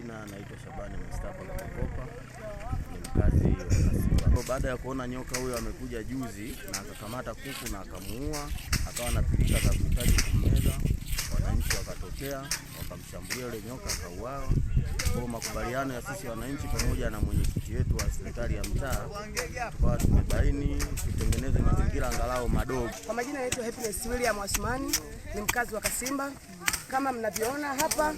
jina naitwa Shabani Mustafa Lukopa, ni mkazi wa baada ya kuona nyoka huyo amekuja juzi na akakamata kuku na akamuua, akawa na pilika za kuhitaji kumeza, wananchi wakatokea wakamshambulia yule nyoka akauawa. Kwa makubaliano ya sisi wananchi pamoja na mwenyekiti wetu wa serikali ya mtaa, tukawa tumebaini tutengeneze mazingira angalau madogo. Kwa majina naitwa Happiness William Asmani, ni mkazi wa Kasimba. Kama mnavyoona hapa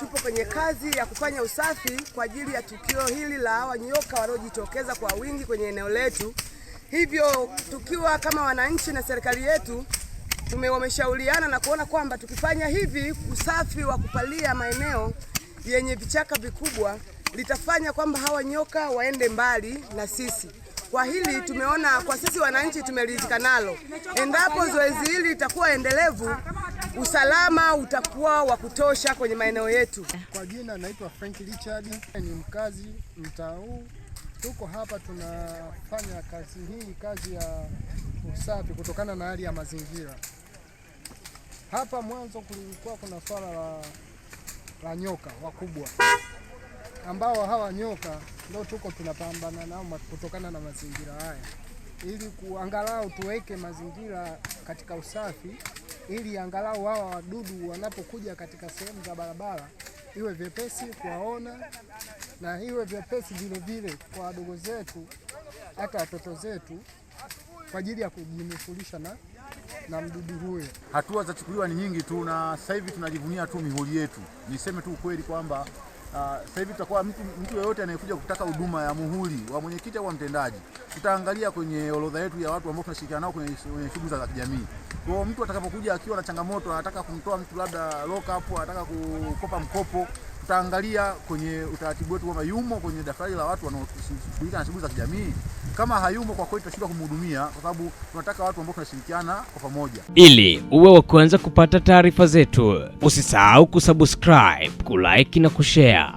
tupo kwenye kazi ya kufanya usafi kwa ajili ya tukio hili la hawa nyoka wanaojitokeza kwa wingi kwenye eneo letu. Hivyo tukiwa kama wananchi na serikali yetu tumewameshauriana na kuona kwamba tukifanya hivi usafi wa kupalia maeneo yenye vichaka vikubwa litafanya kwamba hawa nyoka waende mbali na sisi. Kwa hili tumeona, kwa sisi wananchi tumeridhika nalo. Endapo zoezi hili litakuwa endelevu usalama utakuwa wa kutosha kwenye maeneo yetu. Kwa jina naitwa Frank Richard, ni mkazi mtaa huu. Tuko hapa tunafanya kazi hii, kazi ya usafi kutokana na hali ya mazingira. Hapa mwanzo kulikuwa kuna swala la, la nyoka wakubwa ambao hawa nyoka ndio tuko tunapambana nao kutokana na mazingira haya, ili kuangalau tuweke mazingira katika usafi ili angalau hawa wadudu wanapokuja katika sehemu za barabara iwe vyepesi kuwaona na iwe vyepesi vilevile kwa wadogo zetu hata watoto zetu kwa ajili ya kujinufulisha na, na mdudu huyo. Hatua za chukuliwa ni nyingi tu, na sasa hivi tunajivunia tu mihuri yetu. Niseme tu ukweli kwamba uh, sasa hivi tutakuwa mtu, mtu yeyote anayekuja kutaka huduma ya muhuri wa mwenyekiti au wa mtendaji, tutaangalia kwenye orodha yetu ya watu ambao tunashirikiana nao kwenye shughuli za kijamii. Kwa hiyo mtu atakapokuja akiwa na changamoto, anataka kumtoa mtu labda lock up, anataka kukopa mkopo, tutaangalia kwenye utaratibu wetu kwamba yumo kwenye daftari la watu wanaoshughulika na shughuli za kijamii. Kama hayumo, kwa kweli tutashindwa kumhudumia, kwa sababu tunataka watu ambao tunashirikiana kwa pamoja. Ili uwe wa kwanza kupata taarifa zetu, usisahau kusubscribe, kulike na kushare.